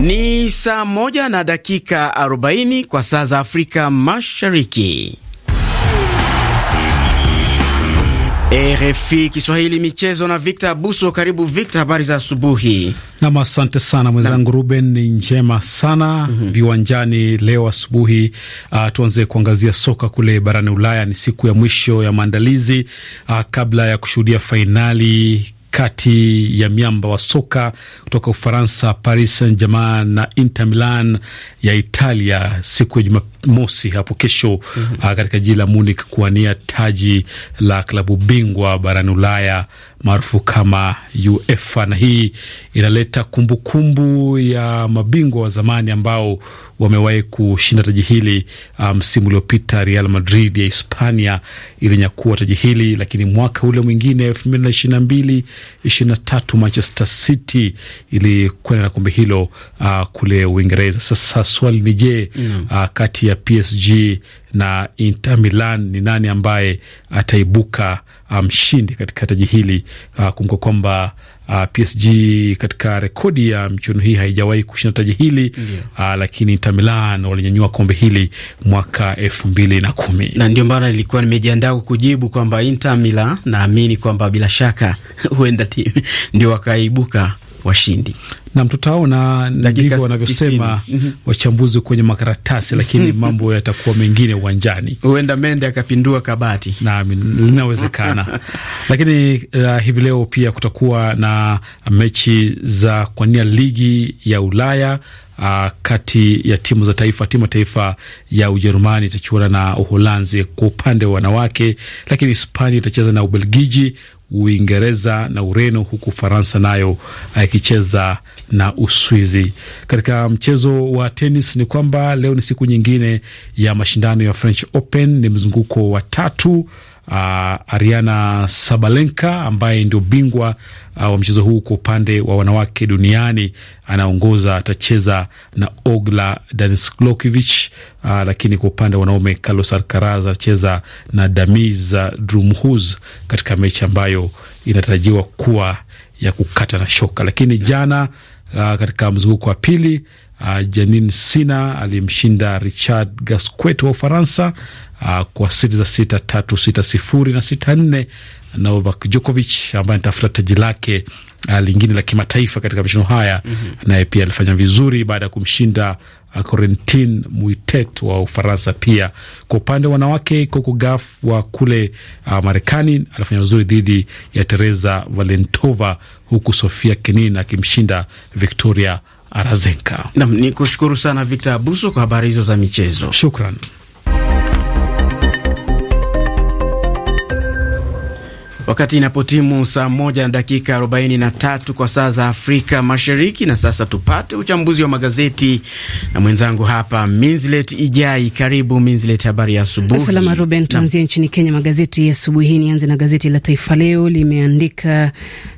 Ni saa moja na dakika 40 kwa saa za Afrika Mashariki. RFI Kiswahili michezo na Victor abuso Karibu Victor, habari za asubuhi. Nam, asante sana mwenzangu Ruben, ni njema sana mm -hmm. Viwanjani leo asubuhi, uh, tuanze kuangazia soka kule barani Ulaya. Ni siku ya mwisho ya maandalizi uh, kabla ya kushuhudia fainali kati ya miamba wa soka kutoka Ufaransa, Paris Saint Germain na Inter Milan ya Italia siku ya Jumapili mosi hapo kesho mm -hmm. katika jiji la Munich kuwania taji la klabu bingwa barani Ulaya maarufu kama UEFA, na hii inaleta kumbukumbu kumbu ya mabingwa wa zamani ambao wamewahi kushinda taji hili. Ah, msimu um, uliopita Real Madrid ya Hispania ilinyakua taji hili, lakini mwaka ule mwingine elfu mbili na ishirini na mbili ishirini na tatu Manchester City ilikwenda na kombe hilo uh, kule Uingereza. Sasa swali ni je, mm uh, kati ya PSG na Inter Milan ni nani ambaye ataibuka um, mshindi um, katika taji hili uh, kumbuka kwamba uh, PSG katika rekodi ya michuano hii haijawahi kushinda taji hili yeah. Uh, lakini Inter Milan walinyanyua kombe hili mwaka elfu mbili na kumi na ndio maana nilikuwa nimejiandaa kukujibu kwamba Inter Milan naamini kwamba bila shaka huenda ndio wakaibuka washindi Nam, tutaona ndivyo wanavyosema mhm. wachambuzi kwenye makaratasi, lakini mhm. mambo yatakuwa mengine uwanjani. Huenda mende akapindua kabati, nami linawezekana. Lakini uh, hivi leo pia kutakuwa na mechi za kuania ligi ya Ulaya. Uh, kati ya timu za taifa, timu ya taifa ya Ujerumani itachuana na Uholanzi kwa upande wa wanawake, lakini Hispania itacheza na Ubelgiji, Uingereza na Ureno, huku Faransa nayo uh, ikicheza uh, na Uswizi. Katika mchezo wa tenis ni kwamba leo ni siku nyingine ya mashindano ya French Open, ni mzunguko wa tatu. Uh, Ariana Sabalenka ambaye ndio bingwa uh, wa mchezo huu kwa upande wa wanawake duniani anaongoza, atacheza na Ogla Danislokievich. Ah, uh, lakini kwa upande wa wanaume Carlos Alcaraz atacheza na Damiz Drumhus katika mechi ambayo inatarajiwa kuwa ya kukata na shoka. Lakini jana Uh, katika mzunguko wa pili uh, ah, Janin Sina alimshinda Richard Gasquet wa Ufaransa uh, kwa seti za sita tatu sita sifuri na sita nne. Novak Djokovic ambaye anatafuta taji lake uh, lingine la kimataifa katika mashindano haya mm -hmm. naye pia alifanya vizuri baada ya kumshinda Corentin Muitet wa Ufaransa. Pia kwa upande wa wanawake, Coco Gauff wa kule uh, Marekani alifanya vizuri dhidi ya Teresa Valentova, huku Sofia Kenin akimshinda Victoria arazenka Nam ni kushukuru sana Victor Abuso kwa habari hizo za michezo, shukran. Wakati inapotimu saa moja na dakika 43 kwa saa za Afrika Mashariki. Na sasa tupate uchambuzi wa magazeti na mwenzangu hapa Minzlet Ijai. Karibu Minzlet, habari ya asubuhi. Salama Ruben, tuanzie nchini Kenya. Magazeti ya asubuhi hii, nianze na gazeti la Taifa Leo limeandika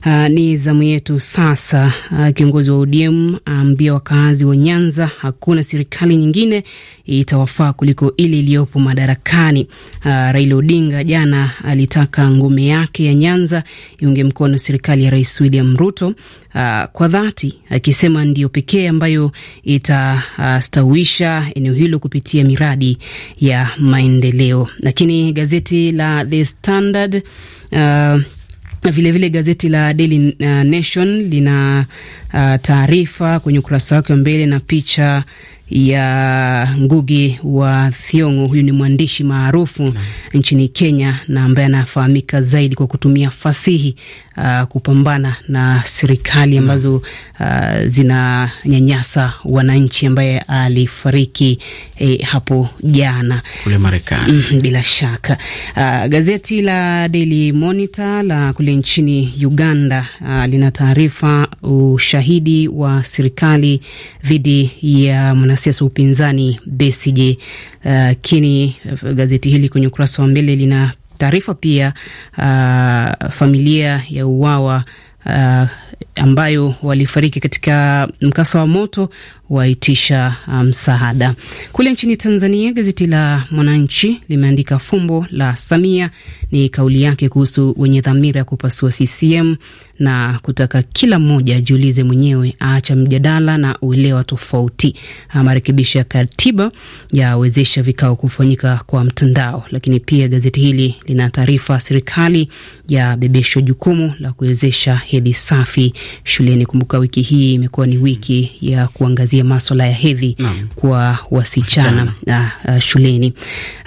uh, ni zamu yetu sasa. Uh, kiongozi wa ODM aambia uh, wakaazi wa Nyanza hakuna serikali nyingine itawafaa kuliko ile iliyopo madarakani. Uh, Raila Odinga jana alitaka ngome yake kaunti ya Nyanza iunge mkono serikali ya Rais William Ruto uh, kwa dhati akisema uh, ndiyo pekee ambayo itastawisha uh, eneo hilo kupitia miradi ya maendeleo. Lakini gazeti la The Standard uh, ah, vilevile vile gazeti la Daily ah, Nation lina uh, taarifa kwenye ukurasa wake wa mbele na picha ya Ngugi wa Thiong'o. Huyu ni mwandishi maarufu nchini Kenya na ambaye anafahamika zaidi kwa kutumia fasihi uh, kupambana na serikali ambazo uh, zinanyanyasa wananchi, ambaye alifariki eh, hapo jana kule Marekani. Mm, bila shaka uh, gazeti la Daily Monitor la kule nchini Uganda uh, lina taarifa ushahidi wa serikali dhidi ya mwanasiasa wa upinzani Besigye. Lakini uh, uh, gazeti hili kwenye ukurasa wa mbele lina taarifa pia uh, familia ya uwawa uh, ambayo walifariki katika mkasa wa moto waitisha um, msaada. Um, kule nchini Tanzania, gazeti la Mwananchi limeandika fumbo la Samia ni kauli yake kuhusu wenye dhamira ya kupasua CCM na kutaka kila mmoja ajiulize mwenyewe, aacha mjadala na uelewa tofauti. Ah, marekebisho ya katiba yawezesha vikao kufanyika kwa mtandao. Lakini pia gazeti hili lina taarifa, serikali yabebeshwa jukumu la kuwezesha hedhi safi shuleni. Kumbuka wiki hii imekuwa ni wiki ya kuangazia maswala ya hedhi kwa wasichana Na, uh, ah, ah, shuleni.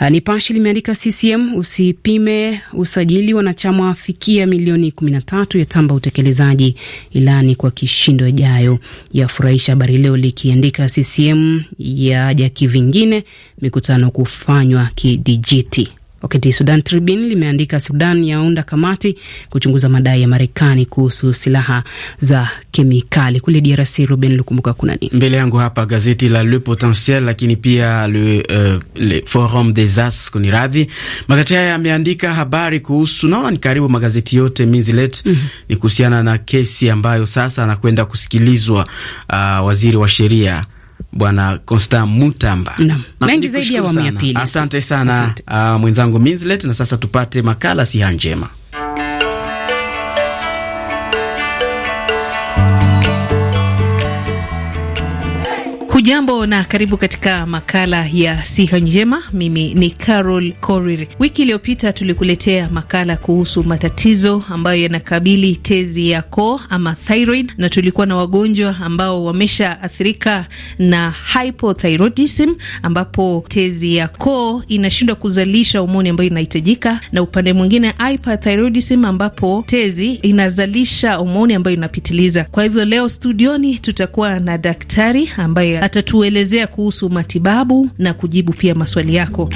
Uh, Nipashe limeandika CCM usipime usajili, wanachama wafikia milioni kumi na tatu yatamba utekelezaji ilani kwa kishindo ijayo ya furahisha. Habari Leo likiandika CCM yaja kivingine, mikutano kufanywa kidijiti. Wakati Sudan Tribune limeandika Sudan yaunda kamati kuchunguza madai ya Marekani kuhusu silaha za kemikali. Kule DRC, Ruben Lukumbuka, kuna nini mbele yangu hapa? Gazeti la Le Potentiel, lakini pia le, uh, le Forum des As, kuni radhi, magazeti haya yameandika habari kuhusu, naona ni karibu magazeti yote minzilet mm -hmm. ni kuhusiana na kesi ambayo sasa anakwenda kusikilizwa uh, waziri wa sheria Bwana Constant Mutamba. Mengi zaidi ya awamu ya pili. Asante sana, asante. Uh, mwenzangu Minslet, na sasa tupate makala siha njema. Hujambo na karibu katika makala ya siha njema. Mimi ni Carol Korir. Wiki iliyopita tulikuletea makala kuhusu matatizo ambayo yanakabili tezi ya koo ama thyroid, na tulikuwa na wagonjwa ambao wameshaathirika na hypothyroidism, ambapo tezi ya koo inashindwa kuzalisha homoni ambayo inahitajika, na upande mwingine hyperthyroidism, ambapo tezi inazalisha homoni ambayo inapitiliza. Kwa hivyo leo studioni tutakuwa na daktari ambaye atatuelezea kuhusu matibabu na kujibu pia maswali yako.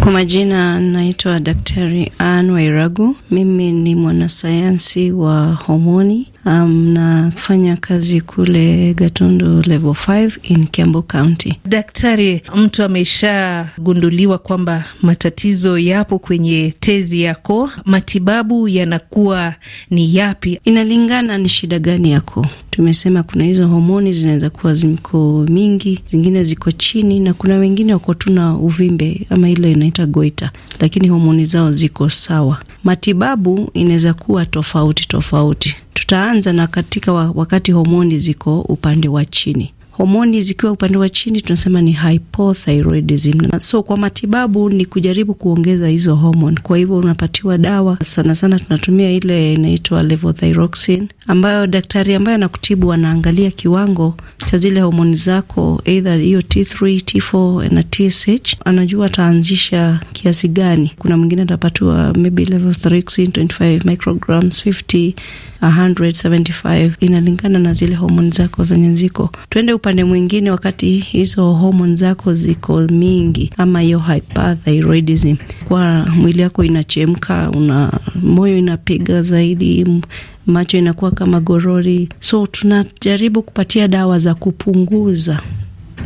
Kwa majina naitwa Daktari Ann Wairagu. Mimi ni mwanasayansi wa homoni mnafanya um, kazi kule Gatundu level 5 in Kiambu County. Daktari, mtu ameshagunduliwa kwamba matatizo yapo kwenye tezi yako, matibabu yanakuwa ni yapi? Inalingana ni shida gani yako. Tumesema kuna hizo homoni zinaweza kuwa ziko mingi, zingine ziko chini, na kuna wengine wako tu na uvimbe ama ile inaita goita, lakini homoni zao ziko sawa. Matibabu inaweza kuwa tofauti tofauti utaanza na katika wakati homoni ziko upande wa chini Homoni zikiwa upande wa chini tunasema ni hypothyroidism. So kwa matibabu ni kujaribu kuongeza hizo homoni. Kwa hivyo unapatiwa dawa, sana sana tunatumia ile inaitwa levothyroxine, ambayo daktari ambaye anakutibu anaangalia kiwango cha zile homoni zako, eidha hiyo T3, T4 na TSH, anajua ataanzisha kiasi gani. Kuna mwingine atapatiwa maybe levothyroxine 25 micrograms, 50, 175, inalingana na zile homoni zako venye ziko. Tuende upande mwingine, wakati hizo homoni zako ziko mingi, ama hiyo hyperthyroidism, kwa mwili yako inachemka, una moyo inapiga zaidi, macho inakuwa kama gorori. So tunajaribu kupatia dawa za kupunguza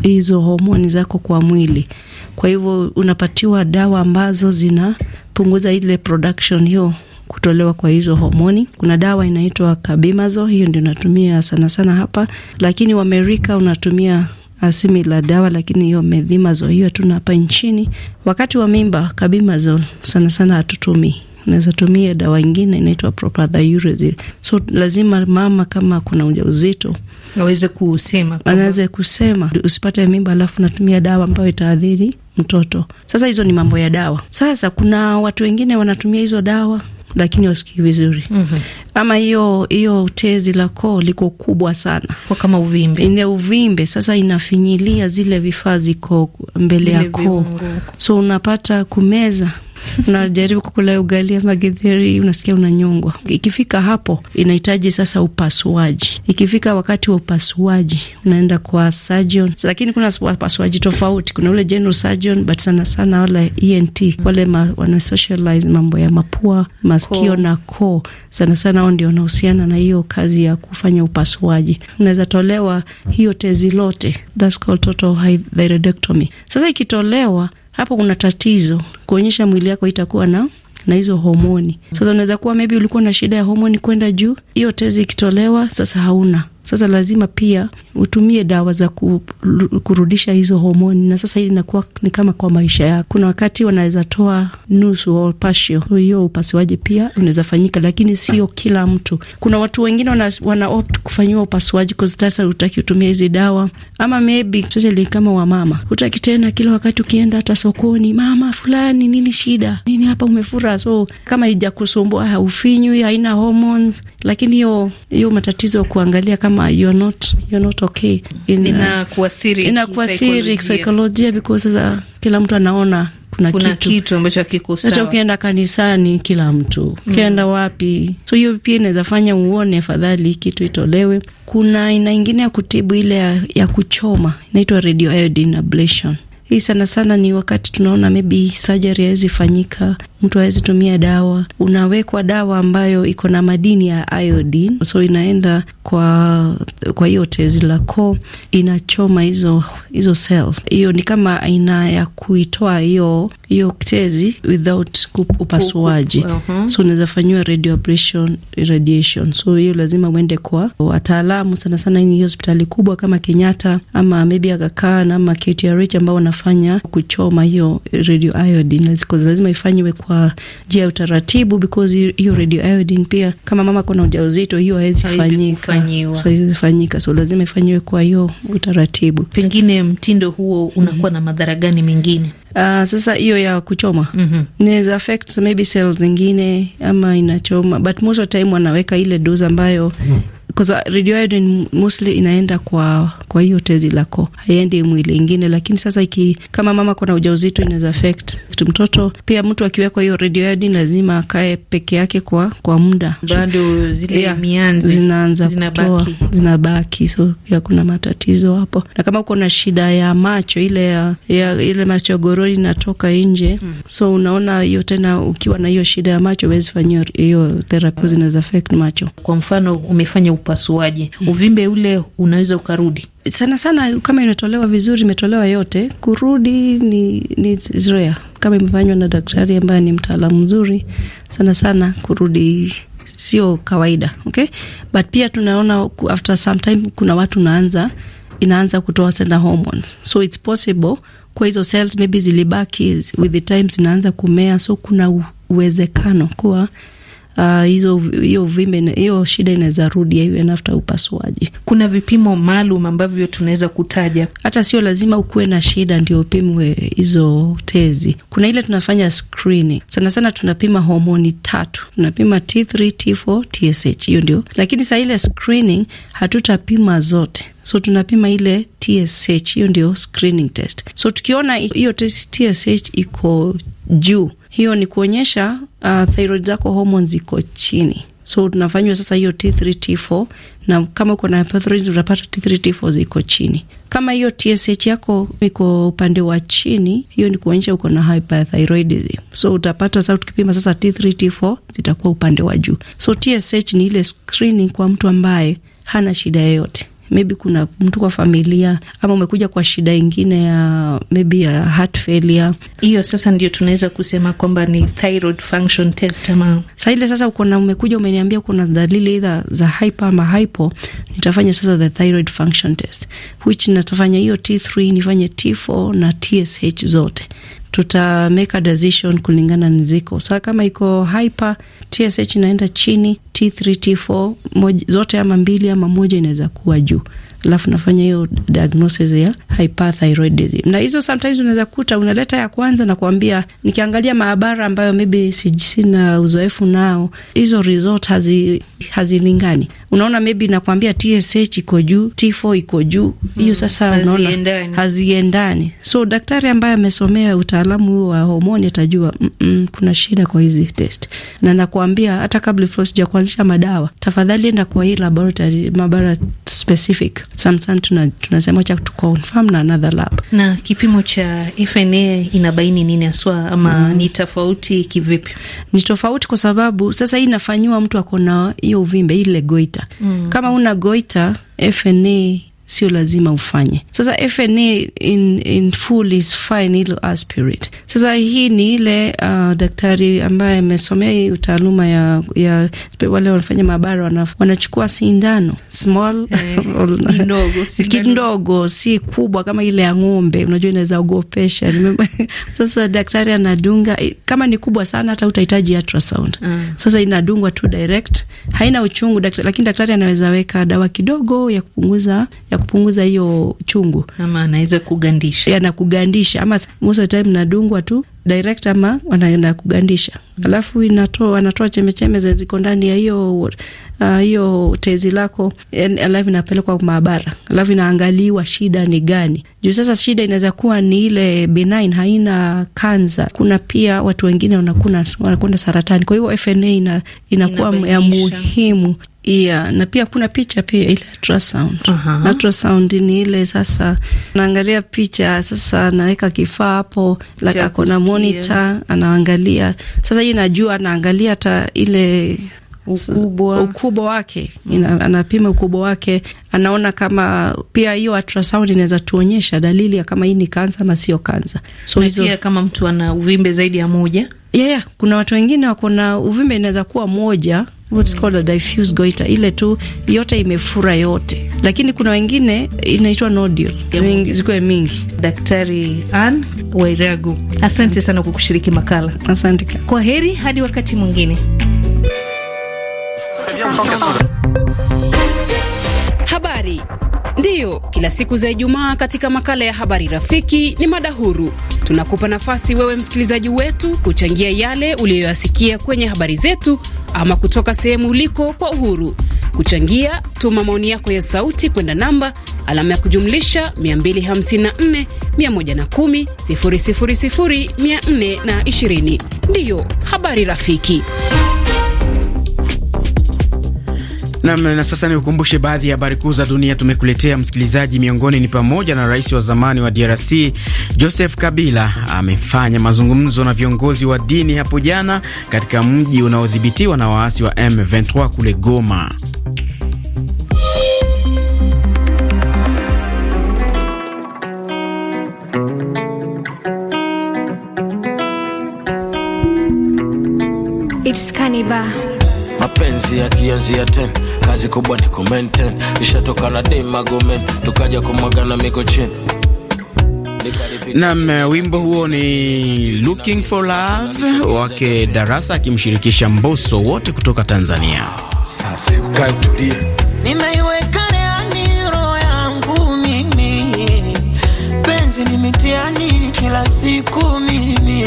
hizo homoni zako kwa mwili. Kwa hivyo unapatiwa dawa ambazo zinapunguza ile production hiyo kutolewa kwa hizo homoni. Kuna dawa inaitwa Kabimazo, hiyo ndio natumia sana sana hapa, lakini Wamerika unatumia asimi ah, la dawa lakini hiyo medhimazo hiyo tuna hapa nchini. Wakati wa mimba kabimazo sana sana hatutumii naweza tumia dawa ingine inaitwa Propylthiouracil. So lazima mama kama kuna ujauzito aweze kusema, anaweze kusema usipate mimba alafu natumia dawa ambayo itaadhiri mtoto. Sasa hizo ni mambo ya dawa. Sasa kuna watu wengine wanatumia hizo dawa lakini wasikii vizuri mm -hmm. Ama hiyo hiyo tezi la koo liko kubwa sana kwa kama uvimbe, ina uvimbe sasa, inafinyilia zile vifaa ziko mbele ya koo, so unapata kumeza unajaribu kukula ugali ama githeri, unasikia unanyongwa. Ikifika hapo, inahitaji sasa upasuaji. Ikifika wakati wa upasuaji, unaenda kwa surgeon, lakini kuna wapasuaji tofauti. Kuna ule general surgeon, but sana sana wale ENT wale ma, wana specialize mambo ya mapua, masikio na koo, sana sana wao ndio wanahusiana na hiyo kazi ya kufanya upasuaji. Unaweza tolewa hiyo tezi lote, that's called total hysterectomy. Sasa ikitolewa hapo kuna tatizo kuonyesha mwili yako itakuwa na na hizo homoni. Sasa unaweza kuwa maybe ulikuwa na shida ya homoni kwenda juu, hiyo tezi ikitolewa sasa hauna sasa lazima pia utumie dawa za kurudisha hizo homoni, na sasa hili inakuwa ni kama kwa maisha yako. Kuna wakati wanaweza toa nusu au pasio, hiyo upasuaji pia unaweza fanyika, lakini sio kila mtu. Kuna watu wengine wana, wana opt kufanyiwa upasuaji kwa sasa, hutaki utumia hizi dawa, ama maybe especially kama wamama, utaki tena kila wakati ukienda hata sokoni, mama fulani, nini shida nini hapa umefura? So kama haijakusumbua, ufinywi, haina hormones, lakini hiyo hiyo matatizo kuangalia kama kama you're not, you're not okay. Uh, inakuathiri, inakuathiri kisaikolojia because sasa kila mtu anaona kuna, kuna kitu, kitu ambacho hakiko sawa. Hata ukienda kanisani kila mtu ukienda mm. wapi, so hiyo pia inaweza fanya uone afadhali kitu itolewe. Kuna aina ingine ya kutibu ile ya, ya kuchoma inaitwa radio ablation. Hii sana sana ni wakati tunaona maybe surgery haiwezi fanyika mtu awezi tumia dawa, unawekwa dawa ambayo iko na madini ya iodine, so inaenda kwa kwa hiyo tezi la lako, inachoma hizo hizo cells. Hiyo ni kama aina ya kuitoa hiyo hiyo tezi without upasuaji. uh -huh. So unaweza fanyiwa radio ablation, radiation. So hiyo lazima uende kwa wataalamu, sana sana hii hospitali kubwa kama Kenyatta ama maybe Aga Khan ama KTRH ambao wanafanya kuchoma hiyo radio iodine, lazima ifanyiwe kwa kwa njia ya utaratibu, because hiyo radio iodine pia, kama mama kuna ujauzito, hiyo haiwezi fanyika, so hiyo so lazima ifanyiwe kwa hiyo utaratibu. Pengine mtindo huo unakuwa mm -hmm. na madhara gani mengine? Uh, sasa hiyo ya kuchoma mm -hmm. inaweza affect maybe cells zingine ama inachoma, but most of time wanaweka ile dose ambayo mm -hmm kwa uh, radio iodine mostly inaenda kwa kwa hiyo tezi lako, haiendi mwili ingine. Lakini sasa iki, kama mama kuna ujauzito inaweza affect kitu mtoto pia. Mtu akiwekwa hiyo radio iodine lazima akae peke yake kwa kwa muda, bado zile yeah, mianzi zinaanza kutoa zinabaki, so pia kuna matatizo hapo. Na kama uko na shida ya macho ile ya, ya ile macho ya gorori inatoka nje hmm. so unaona hiyo tena, ukiwa na hiyo shida ya macho huwezi fanya hiyo therapy, hmm. zinaweza affect macho. Kwa mfano umefanya upo upasuaji, uvimbe ule unaweza ukarudi sana sana kama imetolewa vizuri, imetolewa yote, kurudi ni, ni zoea kama imefanywa na daktari ambaye ni mtaalamu mzuri sana sana, kurudi sio kawaida okay? But pia tunaona after some time kuna watu naanza inaanza kutoa sana hormones, so it's possible kwa hizo cells maybe zilibaki with the time zinaanza kumea, so kuna uwezekano kuwa Ah, hizo hiyo vimbe hiyo shida inaweza rudi even after upasuaji. Kuna vipimo maalum ambavyo tunaweza kutaja, hata sio lazima ukuwe na shida ndio upimwe hizo tezi. Kuna ile tunafanya screening sana sana, tunapima homoni tatu, tunapima T3, T4, TSH, hiyo ndio. Lakini saa ile screening hatutapima zote so tunapima ile TSH, hiyo ndio screening test. So tukiona hiyo TSH iko juu hiyo ni kuonyesha uh, thyroid zako hormones ziko chini, so tunafanywa sasa hiyo T3 T4, na kama uko na hypothyroid utapata T3 T4 ziko chini. Kama hiyo TSH yako iko upande wa chini, hiyo ni kuonyesha uko na hyperthyroidism. So utapata sasa, tukipima sasa T3 T4 zitakuwa upande wa juu. So TSH ni ile screening kwa mtu ambaye hana shida yoyote maybe kuna mtu kwa familia ama umekuja kwa shida ingine ya maybe ya heart failure. Hiyo sasa ndio tunaweza kusema kwamba ni thyroid function test ama sasa ile sasa uko na umekuja umeniambia kuna dalili either za hyper ama hypo, nitafanya sasa the thyroid function test which natafanya hiyo T3 nifanye T4 na TSH zote tuta make a decision kulingana na ziko saa. Kama iko hyper, TSH inaenda chini, T3 T4 moj, zote ama mbili ama moja inaweza kuwa juu, alafu nafanya hiyo diagnosis ya hyperthyroidism. Na hizo sometimes unaweza kuta unaleta ya kwanza na kuambia, nikiangalia maabara ambayo maybe sina uzoefu nao, hizo result hazilingani hazi unaona maybe nakwambia TSH iko juu, T4 iko juu, hiyo mm. sasa unaona haziendani. So daktari ambaye amesomea utaalamu huo wa homoni atajua mm -mm, kuna shida kwa hizi test, na nakwambia hata kabla sija kuanzisha madawa, tafadhali enda kwa hii laboratory, mabara specific. Sometimes tuna, tunasema cha tu confirm na another lab. Na kipimo cha FNA inabaini nini haswa ama mm, ni tofauti kivipi? Ni tofauti kwa sababu sasa hii inafanywa mtu akona hiyo uvimbe ile goita goita mm. Kama una goita FNA e sio lazima ufanye. Sasa FNA in, in full is fine, ilo aspirate. Sasa hii ni ile uh, daktari ambaye amesomea hii utaaluma ya, ya wale wanafanya maabara wanachukua sindano small eh, kidogo, si kubwa kama ile ya ng'ombe, unajua inaweza ogopesha. Sasa daktari anadunga, kama ni kubwa sana hata utahitaji ultrasound. uh. Sasa inadungwa tu direct, haina uchungu daktari, lakini daktari anaweza weka dawa kidogo ya kupunguza ya kupunguza hiyo chungu ama anaweza kugandisha, anakugandisha ama most of the time nadungwa tu direct ama wanaenda kugandisha mm. Alafu inatoa wanatoa chemecheme chembechembe ziko ndani ya hiyo uh, hiyo uh, tezi lako, alafu inapelekwa maabara, alafu inaangaliwa shida ni gani. Juu sasa shida inaweza kuwa ni ile benign, haina kanza. Kuna pia watu wengine wanakuna wanakwenda saratani, kwa hiyo FNA ina, inakuwa ya muhimu ya Yeah, na pia kuna picha pia ile ultrasound. Uh -huh. Ultrasound ni ile sasa naangalia picha sasa naweka kifaa hapo, like akona anamonitor, anaangalia. Sasa hii najua anaangalia hata ile ukubwa, ukubwa wake mm. ina, anapima ukubwa wake, anaona kama pia hiyo ultrasound inaweza tuonyesha dalili ya kama hii ni kansa ama sio kansa. So hizo pia kama mtu ana uvimbe zaidi ya moja, yeah, yeah, kuna watu wengine wako na uvimbe inaweza kuwa moja what's called a diffuse goiter, ile tu yote imefura yote, lakini kuna wengine inaitwa nodule, zikuwe mingi. Daktari Ann Wairagu, asante sana kwa kushiriki makala. Asante, kwa heri, hadi wakati mwingine. Habari ndiyo kila siku za Ijumaa katika makala ya habari rafiki ni mada huru. Tunakupa nafasi wewe msikilizaji wetu kuchangia yale uliyoyasikia kwenye habari zetu ama kutoka sehemu uliko kwa uhuru. Kuchangia, tuma maoni yako ya sauti kwenda namba alama ya kujumlisha 254 110 000 420. Ndiyo habari rafiki. Nam, na sasa ukumbushe baadhi ya habari kuu za dunia tumekuletea msikilizaji. Miongoni ni pamoja na rais wa zamani wa DRC Joseph Kabila amefanya mazungumzo na viongozi wa dini hapo jana katika mji unaodhibitiwa na waasi wa M23 kule Goma. It's mapenzi yakianzia ten, kazi kubwa ni kumaintain. Ishatoka na dem magomen, tukaja kumwagana miko chini. Nam, eh, wimbo huo ni Looking for Love wake Darasa akimshirikisha Mboso, wote kutoka Tanzania. Sasa ukae tulie, nimeiweka ndani roho yangu mimi, penzi ni mitihani kila siku mimi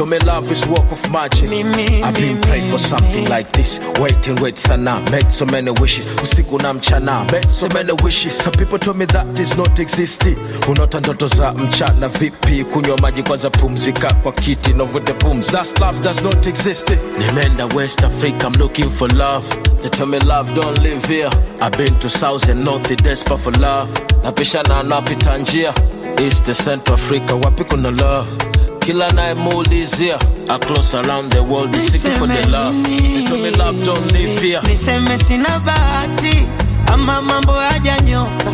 To me, love is work of magic. Me, me, I've been praying for something like this. Waiting, wait, sana. Made so many wishes. Usiku na mchana. Made so many wishes. Some people told me that is not existing. Unota ndoto za mchana vipi? kunyo maji kwanza, pumzika kwa kiti. No the booms. That's love does not exist. Nimeenda West Africa, I'm looking for love. They tell me love don't live here. I've been to South and North, desperate for love. Napishana napita njia. East to Central Africa, wapi kuna love? Kila night mood is I close around the world is seeking for the love. They me love don't live here. Niseme sina bahati ama mambo hajanyoka,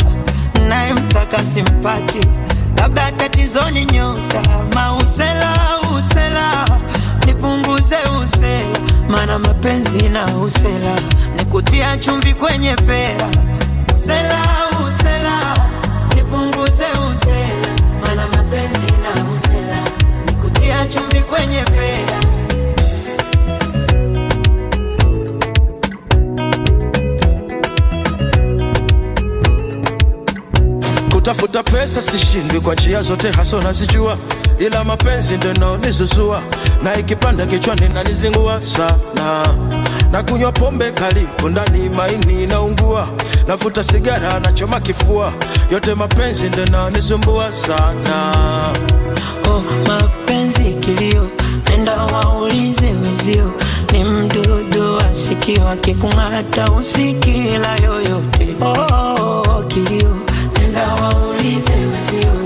naye mtaka simpati, labda tatizoni nyota mausela usela nipunguze usela, mana mapenzi na usela nikutia chumvi kwenye pera usela usela nipunguze usela, mana mapenzi na chumvi kwenye pea Kutafuta pesa sishindwi kwa njia zote, haso nazijua, ila mapenzi ndo nizuzua, na ikipanda kichwani nanizingua sana na kunywa pombe kali, kundani maini na ungua nafuta sigara na choma kifua, yote mapenzi ndio nanisumbua sana. Oh, mapenzi kilio, nenda waulize wezio, ni mdudu asikiwa kikungata usikila yoyote. Oh, kilio, nenda waulize wezio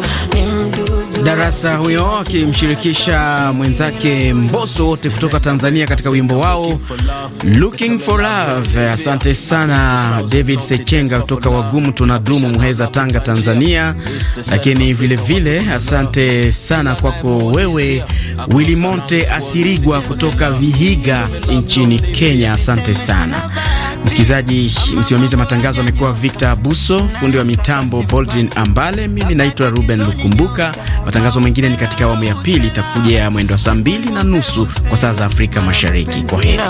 Darasa huyo akimshirikisha mwenzake mboso wote kutoka Tanzania, katika wimbo wao Looking for Love. Asante sana David Sechenga kutoka Wagumu tunadumu, Muheza, Tanga, Tanzania. Lakini vilevile vile, asante sana kwako wewe Wilimonte Asirigwa kutoka Vihiga nchini Kenya, asante sana msikilizaji. Msimamizi wa matangazo amekuwa Victor Abuso, fundi wa mitambo Boldin Ambale, mimi naitwa Ruben Lukumbuka. Matangazo mengine ni katika awamu ya pili, itakuja ya mwendo wa saa mbili na nusu kwa saa za Afrika Mashariki. Kwa heri.